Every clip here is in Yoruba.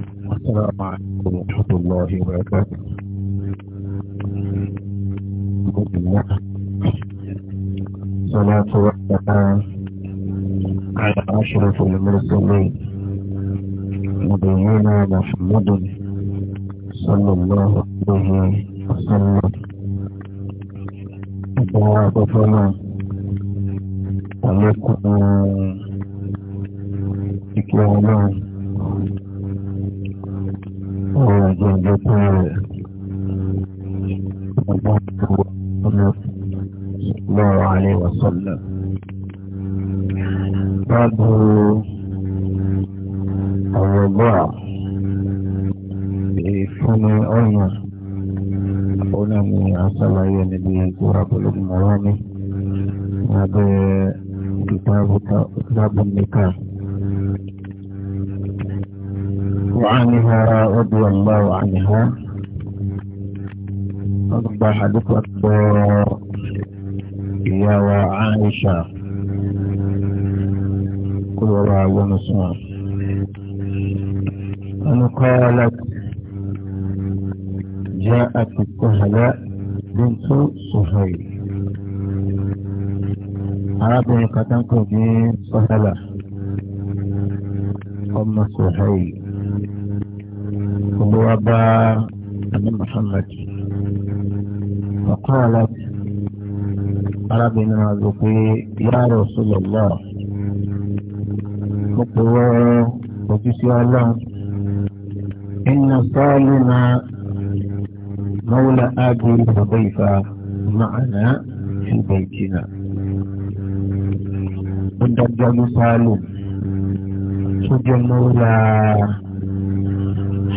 السلام عليكم ورحمة الله وبركاته الحمد لله صلاة والسلام على أشرف المرسلين نبينا محمد صلى الله عليه وسلم تبارك فما عليكم إكرامنا jẹ́ ọjọ́ tó rẹ̀ gbogbo ọmọ lọ́rọ̀ alẹ́ wàsọ́lá. Báàbù ọ̀rọ̀ bọ́à ìfúnni ọ̀nà ọ̀nà ni àṣàlàyé níbi ìgbóra pẹ̀lú mọ̀rọ́ mi lábẹ́ kìtàbù nìkan. عنها رضي الله عنها أربع حديث أكبر يا وعائشة كل ونصار أن قالت جاءت السهلاء بنت سهيل عربي قتنكو دين سهلاء أم سهيل أبا محمد فقالت ربنا ذكي يا رسول الله فقوة وكسي الله إن صالنا مولى أبي حبيفة معنا في بيتنا عند الجن صالون سجن مولى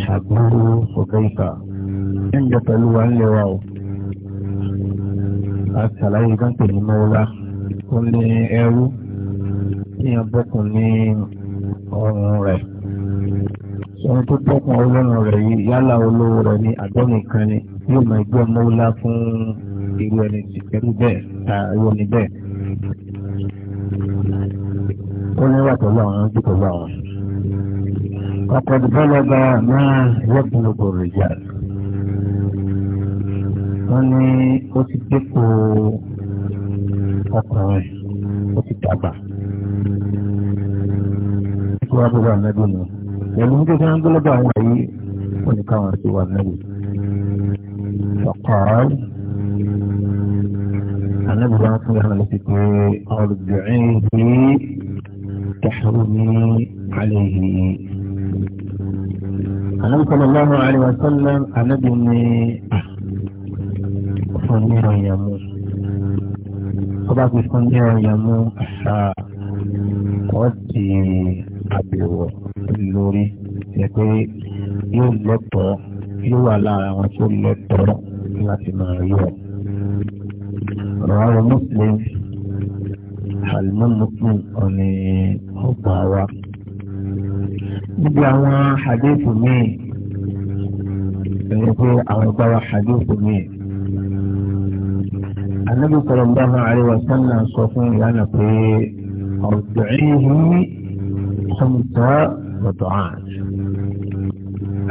Shaguru Sogaifa. Ń jẹ pẹ̀lú wa ń lẹ́wà o. A ṣàlàyé gáǹpẹ̀ ní Mọ́wọ́lá. Ó ní ẹrú tí a bọ́kùn ní ọrùn rẹ̀. Sọ́run tó bọ́kùn ọlọ́run rẹ̀ yìí yálà olówó rẹ̀ ní àdọ́nìkan ni yóò máa gbọ́ Mọ́wọ́lá fún irú ẹni ẹrú bẹ́ẹ̀ irú ẹni bẹ́ẹ̀. Ó ní wà pẹ̀lú àwọn ojú pẹ̀lú àwọn. فقد بلغ ما يبلغ الرجال wọ́n ní ó ti dépò ọkùnrin ó ti dàgbà tí wọ́n bọ́bá nẹ́bí nù pẹ̀lú ní kíkọ́ ń gbọ́lọ́bà àwọn yìí wọ́n ní káwọn ti wà nẹ́bí ọ̀kọ́rọ́ ànẹ́bí wọn fún yàrá lọ́sí pé ọ̀rọ̀ bìnrin yìí tẹ̀sán ní alẹ́ yìí. Ànábì sallallahu alaihi wa sallam ànábì ní fún ní ọ̀yàn mú. Ọba fi fún ní ọ̀yàn mú wọ́n ti àbẹ̀wò lórí ẹ̀ pé yóò lọ́tọ̀ yóò wà lára àwọn tó lọ́tọ̀ láti máa yọ. Rọ̀rọ̀ Mùsùlùmí, Àlùmọ́ Mùsùlùmí ọ̀nì ọgbà wa gbogbo àwọn hadith míì ẹ̀rọ pé àwọn ìgbà wa hadith míì. النبي صلى الله عليه وسلم صفون لنا في أرضعيه خمسة وطعان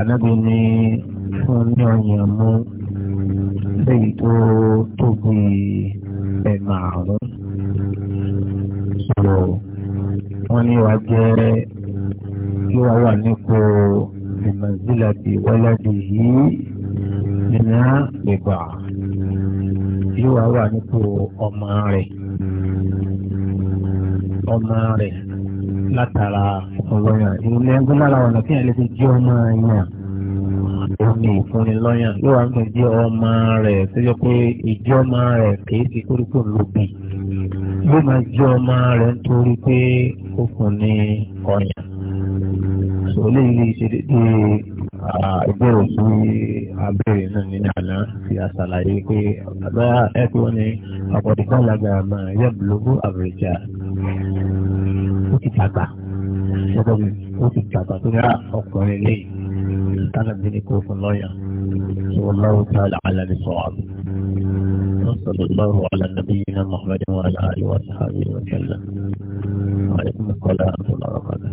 النبي ني فنان يمو بيتو تبي بمعرض سلو وني وجه kí wàá wà nípò ìmọ̀síláàdì wọ́ládì yìí nínú ìgbà kí wàá wà nípò ọmọ rẹ̀ ọmọ rẹ̀ látara ọlọ́yàn ilé ẹgbẹ́ lára ọ̀nà kí ẹ̀lẹ́gbẹ́ jẹ́ ọmọ yàn omi ìfúnni lọ́yàn yóò wá gbé jẹ́ ọmọ rẹ̀ tó yẹ pé ìjẹ́ ọmọ rẹ̀ kìí ti kórìkò lòbì yóò máa jẹ́ ọmọ rẹ̀ nítorí pé ó fún ní ọyàn sọ eléyìí lè ṣe dédé ìbéèrè sí abéèrè náà nínú àná fi àṣàlàyé pé àgbà ẹ̀kọ́ ni ọ̀pọ̀dìkọ́ lágbà máa yẹ bùlọ́gù àbúrẹ́jà ó ti dàgbà lọ́dọ̀ mi ó ti dàgbà tó yá ọkùnrin lè tánà bí ní kó fún lọ́ọ̀yà والله تعالى على الصواب وصلى الله على نبينا محمد وعلى اله وصحبه وسلم وعليكم السلام ورحمه الله وبركاته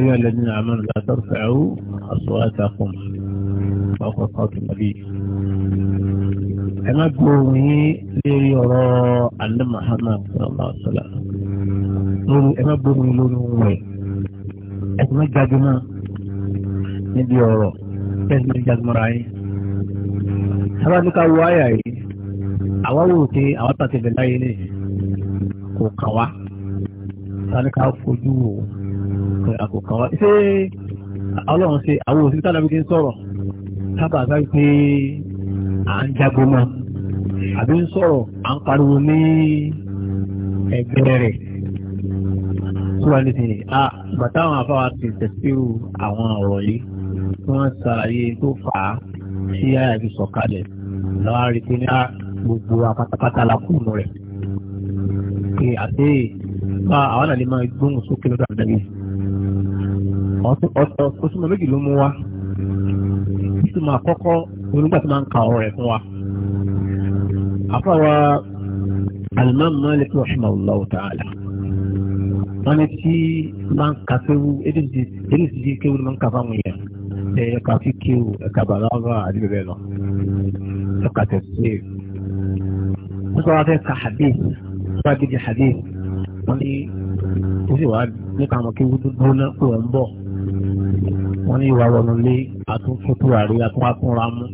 أيها الذين آمنوا لا ترفعوا أصواتكم فوق صوت النبي كما بومي ليرى أن محمد صلى الله عليه وسلم كما بومي لونه كما جاجما نبي يرى كما جاجما رأي sábà ní ká wọ àyà yìí àwa wò pé àwọn tàbí bẹ̀rẹ̀ láyé àkókò wa ṣé ọlọ́run ṣe àwọn òṣìṣẹ́ tàbí ti ń sọ̀rọ̀ sábà sáré pé à ń jágbó mọ́ àbí ń sọ̀rọ̀ à ń pariwo ní ẹgbẹ́ rẹ̀ sọ́wọ́ ní ti à bàtà àwọn afáwa ti tẹ̀síwò àwọn ọ̀rọ̀ yìí tí wọ́n ṣàlàyé tó fà á sí àyàfi sọ̀kalẹ̀ lọ́wọ́ rí pé ní gbogbo apátápátá la kùnú rẹ̀ pé àti àwọn àlè máa gbóhùn sókè lọ́dọ̀ àbẹ̀dẹ́gbẹ̀ ọ̀sùnmọ̀ méjì ló mú wa ìtumọ̀ àkọ́kọ́ onígbà tí máa ń ka ọ̀rọ̀ rẹ̀ fún wa àfọwọ́ alimami Malik rahimahullahu ta'ala wọ́n ní tí máa ń ka kéwu èdè ti di kéwu ni máa ń ka fáwọn yẹn ẹ̀ka fi kéwu ẹ̀ka bàbá àdìbò bẹ́ẹ̀ lọ ẹ̀ka tẹ̀síwèé wọ́n sọ wá fẹ́ ka hadith wọ́n bá gidi hadith wọ́n ní ó sì wá nípa àwọn kéwu tó gbóná kó wọ́n bọ̀ fún ní ìwà wọnú lé àtúntò tó rà rí àtúntò mú.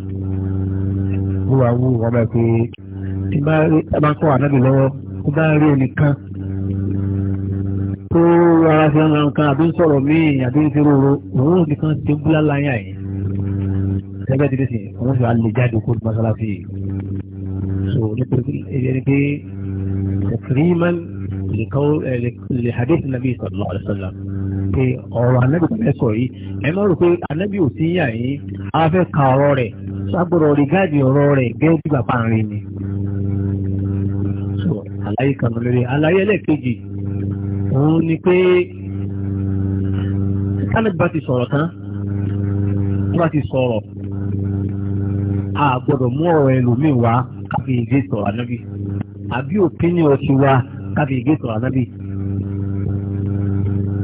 Wúwa wú wọn bẹ pé tí bá rí ẹbá tó wà nábì lọ́wọ́ tó bá rí ẹnìkan tó ara fi ọ̀nà nǹkan àbí ń sọ̀rọ̀ míì àbí ń fi roro òun nìkan ti ń búlá láyà yìí. Ẹgbẹ́ ti dé sí òun fi alẹ́ jáde kó mọ́sálásí yìí. So nítorí ẹni pé ẹ̀kìrìmán lè hadith nàbí sallallahu alaihi wasallam. pé ọ̀rọ̀ ànábì tó fẹ́ sọ yìí ẹ má rò pé a fẹ́ ka ọ̀rọ̀ rẹ̀ ṣàgbọ̀rọ̀ rìgáàdì ọ̀rọ̀ rẹ̀ gẹ́gẹ́ bí bàbá rẹ̀ ni. àlàyé kan lórí àlàyé ẹlẹ́ẹ̀kejì òun ni pé bá ti sọ̀rọ̀ tán ti sọ̀rọ̀ a gbọ́dọ̀ mú ọ̀rọ̀ ẹlòmíì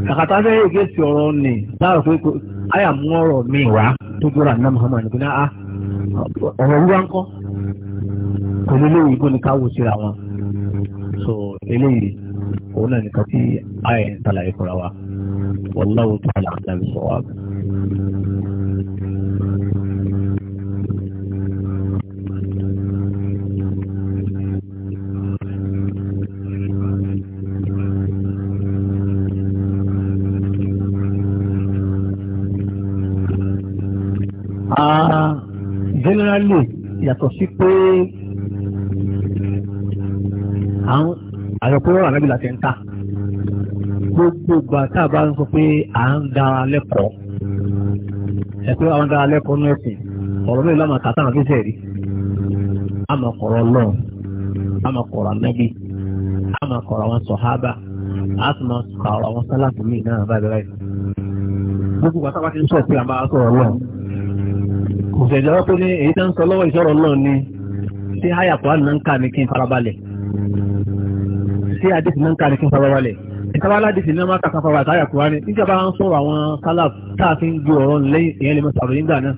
kàkàtà fẹ́ èké sí ọ̀rọ̀ ni láàrọ̀ pé àyà mú ọ̀rọ̀ mi wá tó gbọ́ra ní Muhammad bí náà ọ̀rọ̀ wúwa ń kọ́ kò ní léwu ìbò ní ká wò síra wọn so eléyìí òun náà nìkan tí àyà ń tàlàyé fúnra wa wallahu ta'ala àdàbí sọ̀rọ̀ àgbà. Ah, generally yàtọ̀ sí pé àwọn àyọ̀kúrọ̀ ànábì ń ta gbogbo ìgbà tá a bá ń sọ pé à ń dára lẹ́kọ̀ọ́ ẹ̀pẹ́ àwọn dára lẹ́kọ̀ọ́ ní ẹ̀sìn ọ̀rọ̀ mẹ́rin lámà kàtà àti sẹ́ẹ̀rí àmàkọ̀rọ̀ lọ́n àmàkọ̀rọ̀ ànábì àmàkọ̀rọ̀ àwọn sọ̀hábà àtùmọ̀kọ̀rọ̀ àwọn náà bá gbogbo ìgbà tá ti ń sọ pé kò sì ìjọba pé ní èyí tó ń sọ lọ́wọ́ ìṣòro náà ni tí àyà kan náà ń kà ní kí n farabalẹ̀ tí àdìsí náà ń kà ní kí n farabalẹ̀ ìjọba aládìsí náà máa kàkà farabalẹ̀ àyà kan ní níjọba ń sọ̀rọ̀ àwọn kálá tá a fi ń gbé ọ̀rọ̀ lẹ́yìn ìyẹn lè mọ sàrò nígbà náà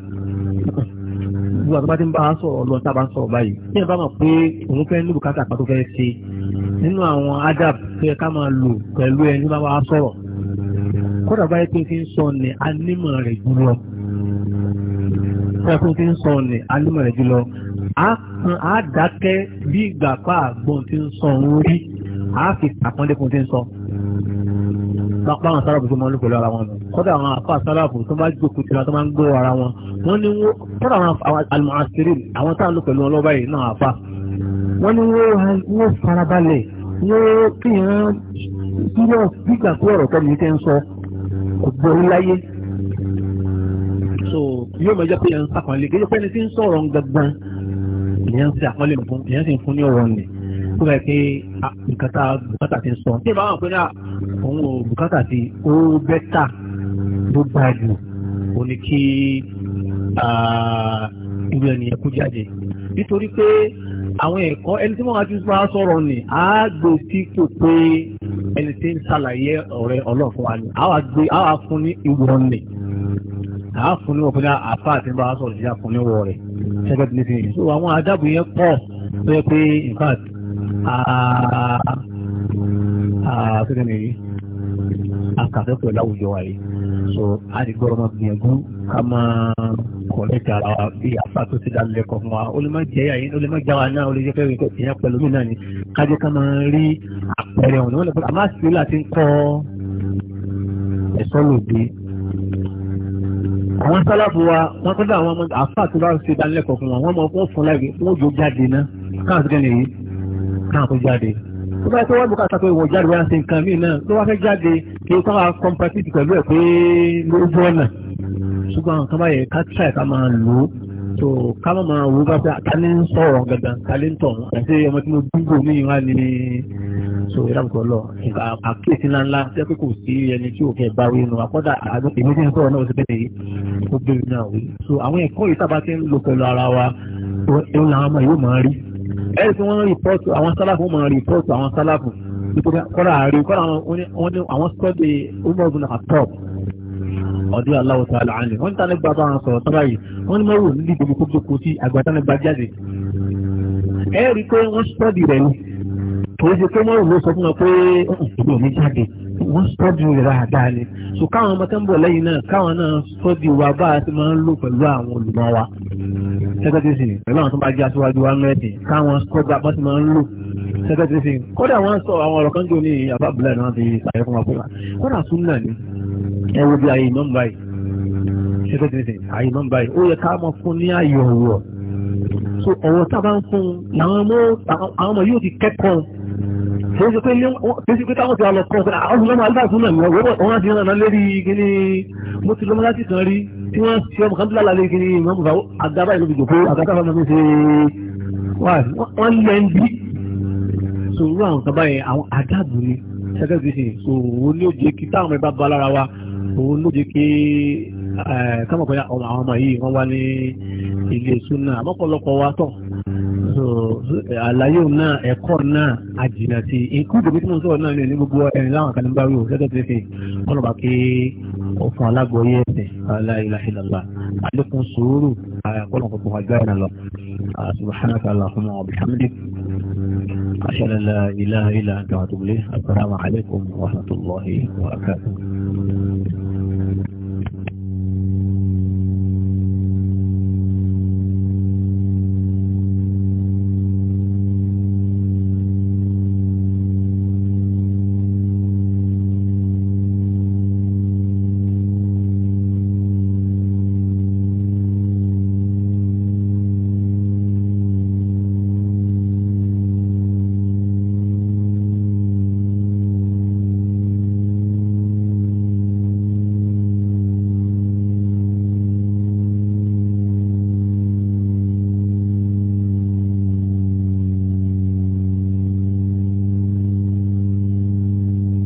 gbogbo àti bá ti ń bá a sọ̀rọ̀ lọ tá a bá ń sọ̀rọ̀ báyìí tí ẹ bá mọ̀ pé òun fẹ́ níbù káàkiri àpá tó fẹ́ ṣe nínú àwọn adab tó yẹ ká máa lò pẹ̀lú ẹni bá wa sọ̀rọ̀ kódà báyìí pé fi ń sọ ni anímọ̀ rẹ̀ jùlọ fún ti ń sọ ní alímọ̀ rẹ̀ jùlọ a dákẹ́ bí ìgbà pa àgbọn ti ń sọ òun a fi àpọ́ndékun ti ń sọ pápá àwọn sálábù tó máa ń lò pẹ̀lú ara wọn nù kọ́dà àwọn àfa sálábù tó bá jókòó tìlá tó máa ń gbọ́ ara wọn wọ́n ní wọ́n kọ́dà àwọn àlùmọ̀àṣírí àwọn táwọn lò pẹ̀lú wọn lọ́wọ́ yìí náà àfa wọ́n ní wọ́n farabalẹ̀ wọ́n kéèyàn sílẹ̀ gbígbà kó ọ̀rọ̀ tẹ́ni tẹ́ ń sọ kò gbọ́ láyé yóò mọ̀ jẹ́ pé èèyàn ń sàpọ̀nlé kí ẹni tí ń sọ̀rọ̀ ń gbọ̀ngbọ̀n èèyàn ń ṣe àpọ́nlé fún èèyàn sì ń fún ní ọ̀rọ̀ nì ó bẹ̀ pé nǹkan tá bùkátà ti ń sọ tí ìbáwọn pé náà òun ò bùkátà ti ó bẹ́tà ló gbà jù ó ní kí irú ènìyàn kú jáde nítorí pé àwọn ẹ̀kọ́ ẹni tí wọ́n á ti bá sọ̀rọ̀ nì á gbé sípò pé ẹni tí ń ṣàlàyé ọ̀rẹ́ ọlọ́ọ̀fún wa ni á wà fún ní ìwọ̀n nì àá fún níwọ̀ fún àpá àti bá a sọ̀rọ̀ ìyá fún níwọ̀ rẹ̀ ṣẹ́gbẹ́ tí ní fi so àwọn adábò yẹn pọ̀ tó yẹ pé in fact àtúndẹ̀ nìyí akàfẹ́ pẹ̀lú àwùjọ wa yìí so a ti gbọ́dọ̀ máa gbìyànjú ká máa kọ̀lẹ́tì ara wa bí apá tó ti dánilẹ́kọ̀ọ́ fún wa ó lè má jẹ́ yàyín ó lè má jáwa náà ó lè jẹ́ pé ìyẹn pẹ̀lú mi náà ni kájọ́ ká máa rí àpẹẹrẹ ọ̀nà wọn lè fọ́n àmọ́ àṣìṣe láti ń kọ́ ẹ̀sọ́ lòdì àwọn sálàfù wa wọ́n tọ́jú àwọn ọmọ àfáà tó bá ń ṣe ìdánilẹ́kọ̀ọ́ fún wọn wọ́n mọ̀ fún fún láìpẹ́ fún òjò jáde náà káàtó nìyí káàtó jáde tó bá yẹ kó wọ́n bùkátà pé ìwọ̀n jáde wọ́n ṣe nǹkan míì náà ló wá fẹ́ jáde kí ó kọ́ wa pẹ̀lú ẹ̀ pé lójú ọ̀nà ṣùgbọ́n àwọn kan ká tíṣà ká máa lò ó tó ká máa wò bá fẹ́ àtàlẹ́ ń sọ̀rọ̀ gangan so ìdábùkọ lọ àkíyèsí ńláńlá jẹ́ pé kò sí ẹni tí òfin ẹ̀bá wí nù àkọ́dà àgbẹ̀ èmi tí ń sọ̀rọ̀ náà ó ti bẹ̀rẹ̀ ó bẹ̀rẹ̀ náà wí so àwọn ẹ̀kọ́ yìí sábà ti ń lò pẹ̀lú ara wa òun làwọn ọmọ yóò máa rí ẹ̀rí tí wọ́n rìpọ́ọ̀tù àwọn sálàfù máa rìpọ́ọ̀tù àwọn sálàfù nítorí kọ́ra àárín kọ́ra wọn ní àwọn sọ́dẹ̀ ọmọọ̀gùn àtọ́p ọdún aláwọ̀ tó aláàánú wọ́n ní tani gba bá wọn sọ̀rọ̀ tọ́ra yìí wọ́n ní mọ́rò nílùú ìdìbò kó jókòó sí àgbàtánì gbajáde ẹ̀rí pé wọ́n sọ́dẹ̀ rẹ̀ ni kìí ṣe pé wọ́n rò ló sọ fún wọn pé ìgbò mi jáde wọ́n sọ́jú rẹ̀ dáadáa ni so káwọn ọmọ tó ń bọ̀ lẹ́yìn náà káwọn náà sọ́jú wa bá a ti máa ń lò pẹ̀lú àwọn olùmọ̀ wa sẹ́kẹ́tìsì pẹ̀lú àwọn tó bá jẹ́ aṣíwájú wa mẹ́rin káwọn sọ́jú abọ́ ti máa ń lò sẹ́kẹ́tìsì kódà wọ́n sọ àwọn ọ̀rọ̀ kan jò àbábùlẹ̀ náà ti ni ẹ wo bí ayé mọ́ báyìí sẹ́kẹ́tìsì ayé mọ́ báyìí ó yẹ ká so ọ̀rọ̀ tá a bá ń fún un làwọn ọmọ àwọn ọmọ yóò ti kẹ́kọ̀ọ́ kò sí pé kò sí pé táwọn ti wà lọ kọ́ ọ̀sẹ̀ àwọn ọmọ aláàfin náà nìyẹn wọ́n wọ́n ti rán lórí gini mo ti lọ́mọ láti kan rí tí wọ́n ti ọmọ kan tó lálàá lé gini ìmọ̀ mùsà ìlú ti jòkó àgàbà ìlú ti ṣe wọ́n lẹ́ ń bí. so irú àwọn kan báyẹn àwọn àdàbò ni ṣẹ́gẹ́ fi ṣe so òun ló jẹ́ kí táwọn ẹ̀ Eh, kámọ̀ pé àwọn ọmọ yìí wọ́n wá ní ilé súnà àmọ́pọ̀lọpọ̀ wa tọ̀ àlàyé náà ẹ̀kọ́ náà àjìnà sí ikúdò bí tíwọ́n sọ̀rọ̀ náà ní gbogbo ẹ̀rin láwọn kan ní bá rí o gẹ́gẹ́ tí fi wọ́n lọ́ba kí ọ̀fun alágbóyè ẹ̀sẹ̀ aláìláhìlàlá àlékún sùúrù àkọlọ̀ kọ̀kọ̀ àgbà ìrìn lọ subhanaka allahumma wa bihamdik ashhadu an la ilaha illa anta astaghfiruka wa atubu ilayk assalamu alaykum wa rahmatullahi wa barakatuh